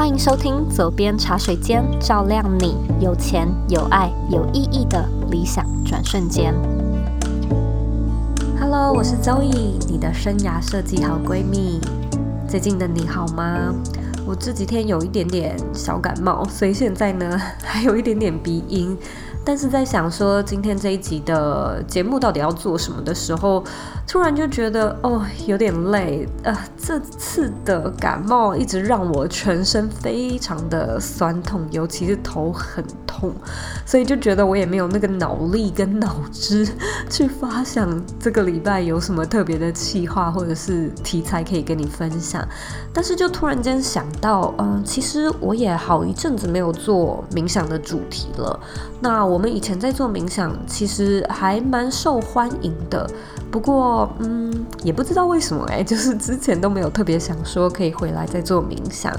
歡迎收聽《佐編茶水間》，照亮你有錢、有愛、有意義的理想轉瞬間。Hello，我是 Zoey，你的生涯設計好閨蜜。最近的你好嗎？我這幾天有一點點小感冒，所以現在呢，還有一點點鼻音。但是在想說今天這一集的節目到底要做什麼的時候。突然就覺得哦，有點累。呃，這次的感冒一直讓我全身非常的酸痛，尤其是頭很痛，所以就覺得我也沒有那個腦力跟腦汁去發想這個禮拜有什麼特別的企劃，或者是題材可以跟你分享。但是就突然間想到，嗯，其實我也好一陣子沒有做冥想的主題了。那我們以前在做冥想，其實還蠻受歡迎的。不過。嗯，也不知道為什麼哎，就是之前都沒有特別想說可以回來再做冥想，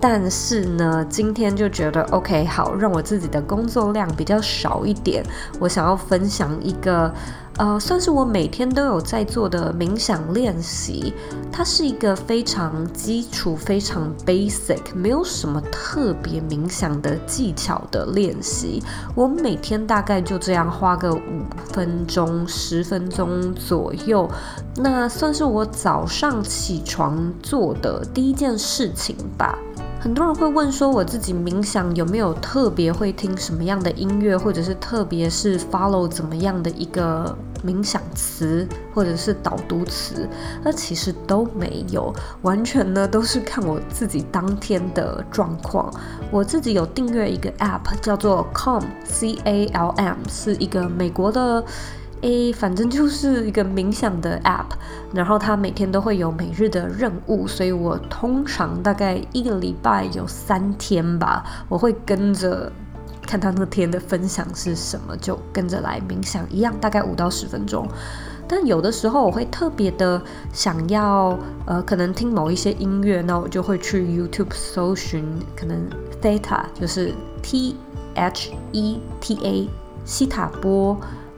但是呢，今天就覺得 OK 好，讓我自己的工作量比較少一點，我想要分享一個。呃，算是我每天都有在做的冥想練習，它是一個非常基礎、非常 basic，沒有什麼特別冥想的技巧的練習。我每天大概就這樣花個五分鐘、十分鐘左右，那算是我早上起床做的第一件事情吧。很多人會問說，我自己冥想有沒有特別會聽什麼樣的音樂，或者是特別是 follow 怎麼樣的一個冥想詞，或者是導讀詞？那其實都沒有，完全呢都是看我自己當天的狀況。我自己有訂閱一個 app，叫做 Calm，C A L M，是一個美國的。誒，反正就是一個冥想的 App，然後它每天都會有每日的任務，所以我通常大概一個禮拜有三天吧，我會跟着看他那天的分享是什麼，就跟着來冥想一樣，大概五到十分鐘。但有的時候我會特別的想要，呃，可能聽某一些音樂，那我就會去 YouTube 搜尋，可能 Theta 就是 T H E T A 西塔波。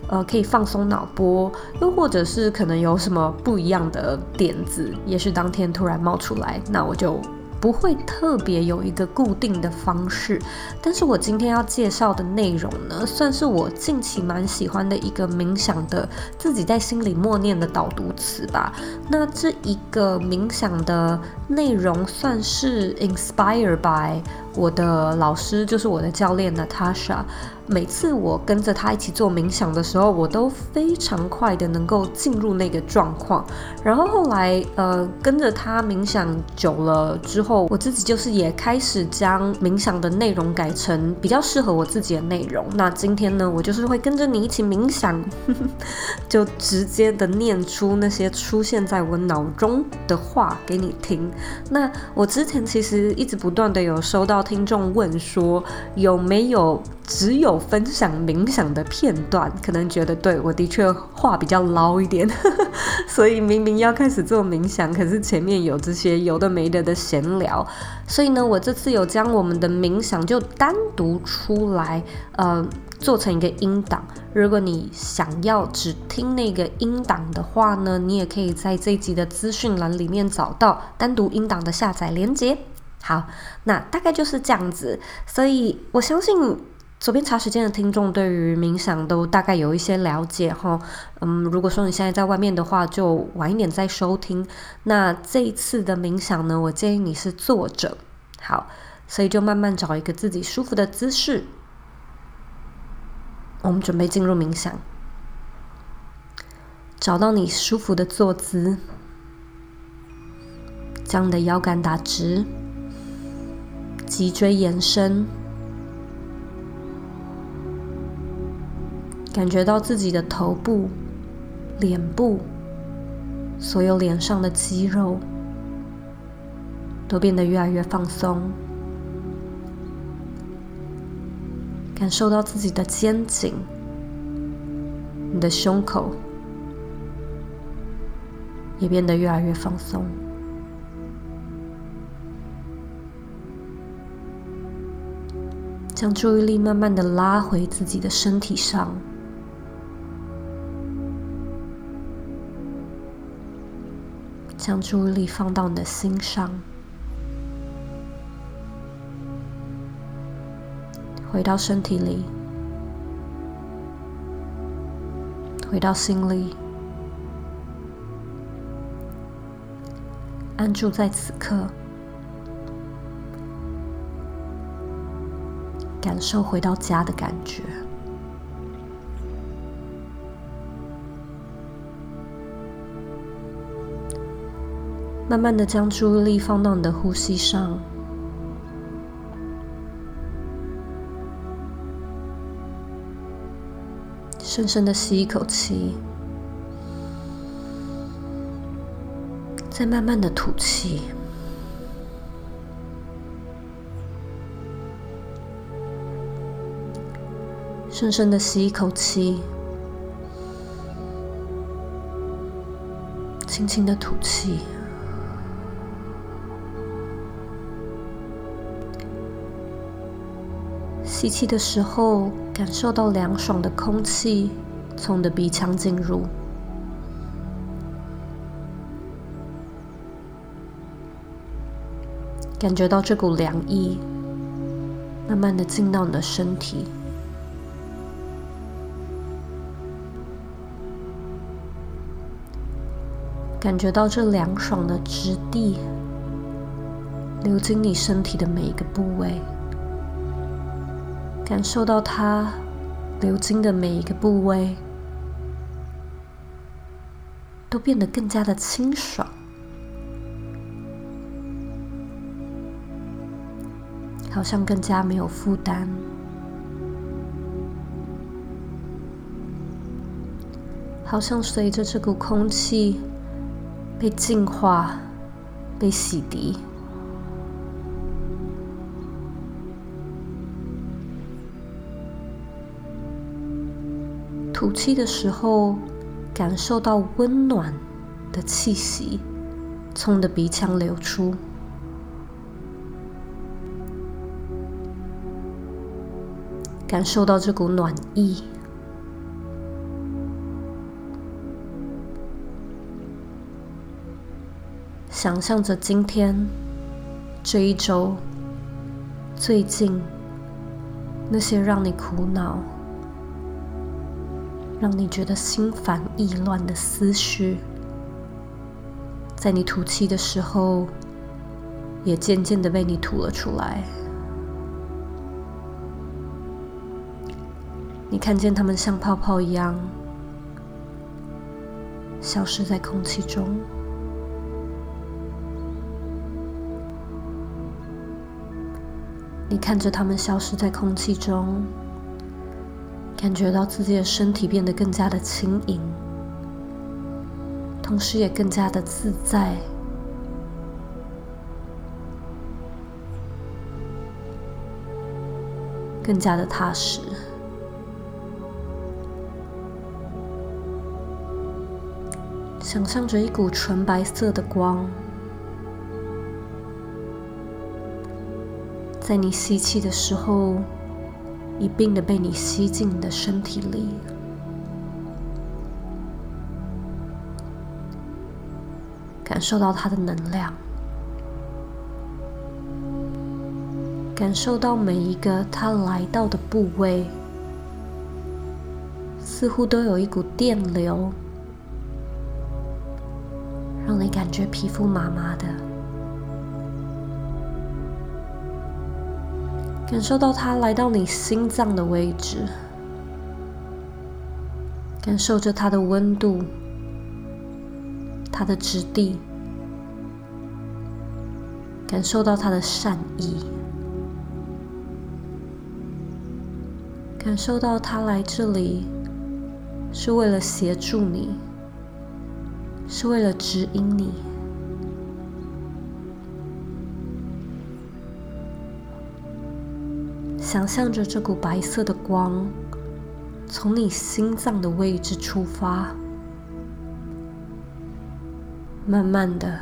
呃，可以放鬆腦波，又或者是可能有什麼不一樣的點子，也是當天突然冒出來，那我就不會特別有一個固定的方式。但是我今天要介紹的內容呢，算是我近期蠻喜歡的一個冥想的，自己在心裡默念的導讀詞吧。那這一個冥想的內容算是 inspired by 我的老師，就是我的教練 Natasha。每次我跟着他一起做冥想的時候，我都非常快的能夠進入那個狀況。然後後來，呃，跟着他冥想久了之後，我自己就是也開始將冥想的內容改成比較適合我自己的內容。那今天呢，我就是會跟着你一起冥想，呵呵就直接的念出那些出現在我腦中的話給你聽。那我之前其實一直不斷的有收到聽眾問說有沒有。只有分享冥想的片段，可能覺得對我的確話比較嘮一點， 所以明明要開始做冥想，可是前面有這些有的沒的的閒聊，所以呢，我這次有將我們的冥想就單獨出來，呃，做成一個音檔。如果你想要只聽那個音檔的話呢，你也可以在這集的資訊欄裡面找到單獨音檔的下載連接。好，那大概就是這樣子，所以我相信。佐編茶水間的聽眾對於冥想都大概有一些了解哈，嗯，如果說你現在在外面的話，就晚一點再收聽。那這一次的冥想呢，我建議你是坐着，好，所以就慢慢找一個自己舒服的姿勢。我們準備進入冥想，找到你舒服的坐姿，將你的腰桿打直，脊椎延伸。感覺到自己的頭部、臉部，所有臉上的肌肉都變得越來越放鬆。感受到自己的肩頸，你的胸口也變得越來越放鬆。將注意力慢慢的拉回自己的身體上。將注意力放到你的心上，回到身體裡，回到心裡，安住在此刻，感受回到家的感覺。慢慢的將注意力放到你的呼吸上，深深的吸一口氣，再慢慢的吐氣，深深的吸一口氣，輕輕的吐氣。吸氣的時候，感受到涼爽的空氣從你的鼻腔進入，感覺到這股涼意慢慢的進到你的身體，感覺到這涼爽的質地流經你身體的每一個部位。感受到它流經的每一個部位，都變得更加的清爽，好像更加沒有負擔，好像隨着這股空氣被淨化、被洗滌。呼氣的時候，感受到溫暖的氣息從你的鼻腔流出，感受到這股暖意，想象着今天這一周，最近那些讓你苦惱。讓你覺得心煩意亂的思緒，在你吐氣的時候，也漸漸的被你吐了出來。你看見他們像泡泡一樣，消失在空氣中。你看着他們消失在空氣中。感覺到自己的身體變得更加的輕盈，同時也更加的自在，更加的踏實。想象着一股純白色的光，在你吸氣的時候。一併的被你吸進你的身體裡，感受到它的能量，感受到每一個它來到的部位，似乎都有一股電流，讓你感覺皮膚麻麻的。感受到他來到你心臟的位置，感受着他的溫度、他的質地，感受到他的善意，感受到他來這裡是為了協助你，是為了指引你。想象着這股白色的光從你心臟的位置出發，慢慢的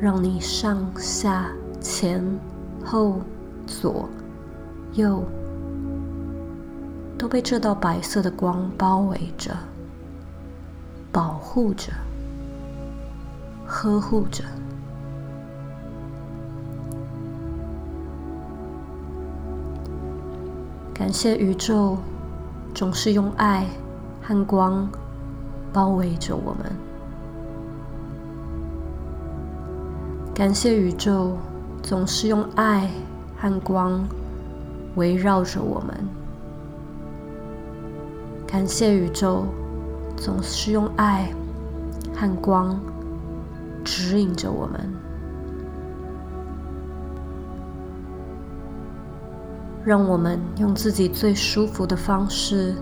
讓你上下前後左右都被這道白色的光包圍着，保護着，呵護着。感謝宇宙總是用愛和光包圍着我們。感謝宇宙總是用愛和光圍繞着我們。感謝宇宙總是用愛和光指引着我們。讓我們用自己最舒服的方式，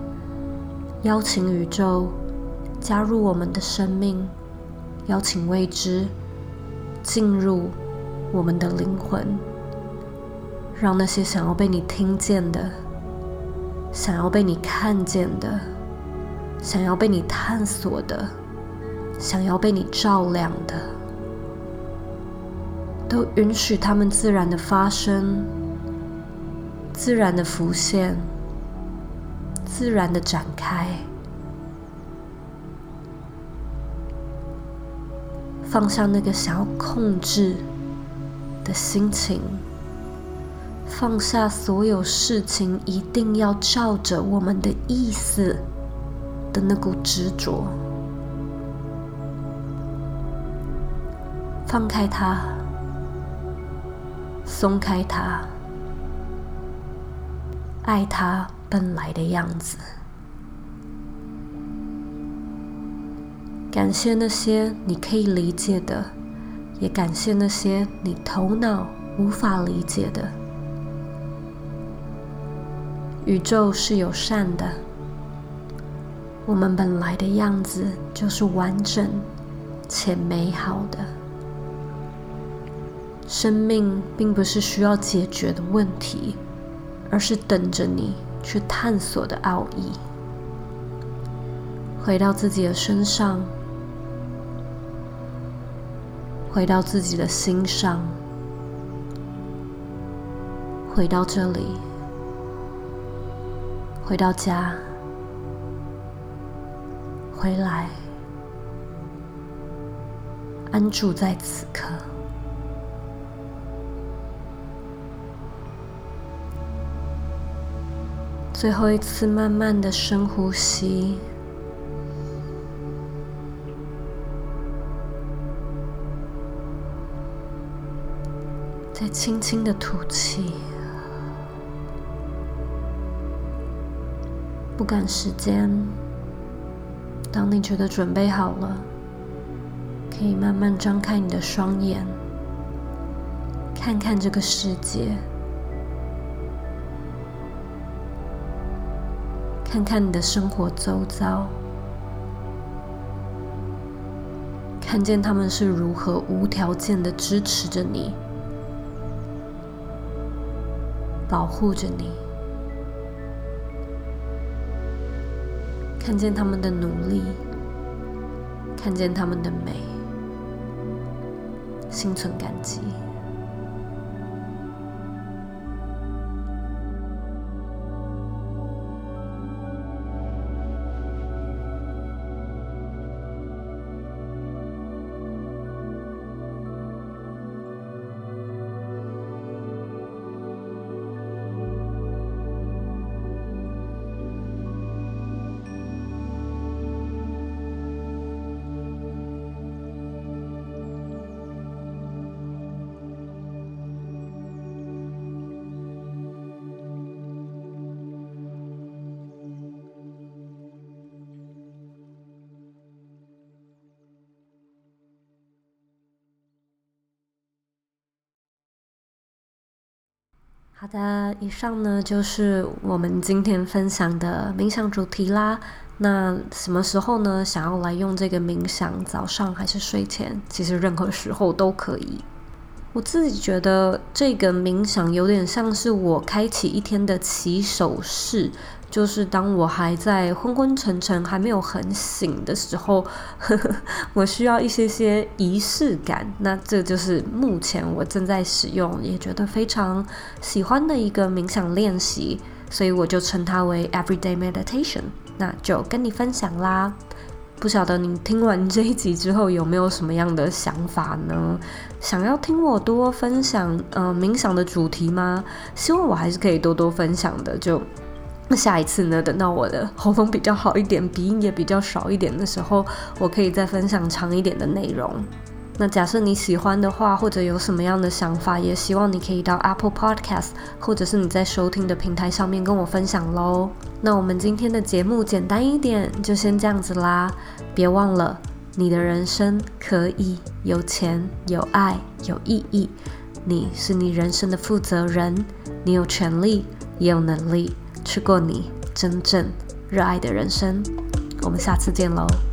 邀請宇宙加入我們的生命，邀請未知進入我們的靈魂，讓那些想要被你聽見的，想要被你看見的，想要被你探索的，想要被你照亮的，都允許他們自然的發生。自然的浮現，自然的展開，放下那個想要控制的心情，放下所有事情一定要照着我們的意思的那股執着，放開它，鬆開它。愛他本來的樣子，感謝那些你可以理解的，也感謝那些你頭腦無法理解的。宇宙是友善的，我們本來的樣子就是完整且美好的。生命並不是需要解決的問題。而是等着你去探索的奧義。回到自己的身上，回到自己的心上，回到這裡，回到家，回來，安住在此刻。最後一次，慢慢的深呼吸，再輕輕的吐氣。不趕時間，當你覺得準備好了，可以慢慢張開你的雙眼，看看這個世界。看看你的生活周遭，看見他們是如何無條件的支持着你、保護着你，看見他們的努力，看見他們的美，心存感激。好的，以上呢就是我們今天分享的冥想主題啦。那什麼時候呢？想要來用這個冥想，早上還是睡前？其實任何時候都可以。我自己覺得這個冥想有點像是我開啟一天的起手式。就是當我還在昏昏沉沉、還沒有很醒的時候， 我需要一些些儀式感。那這就是目前我正在使用，也覺得非常喜歡的一個冥想練習，所以我就稱它為 Everyday Meditation。那就跟你分享啦。不曉得你聽完這一集之後有沒有什麼樣的想法呢？想要聽我多分享，呃，冥想的主題嗎？希望我還是可以多多分享的。就。那下一次呢，等到我的喉嚨比較好一點，鼻音也比較少一點的時候，我可以再分享長一點的內容。那假設你喜歡的話，或者有什麼樣的想法，也希望你可以到 Apple Podcast，或者是你在收聽的平台上面跟我分享嘍。那我們今天的節目簡單一點，就先這樣子啦。別忘了，你的人生可以有錢、有愛、有意義。你是你人生的負責人，你有權利，也有能力。去過你真正熱愛的人生，我們下次見嘍。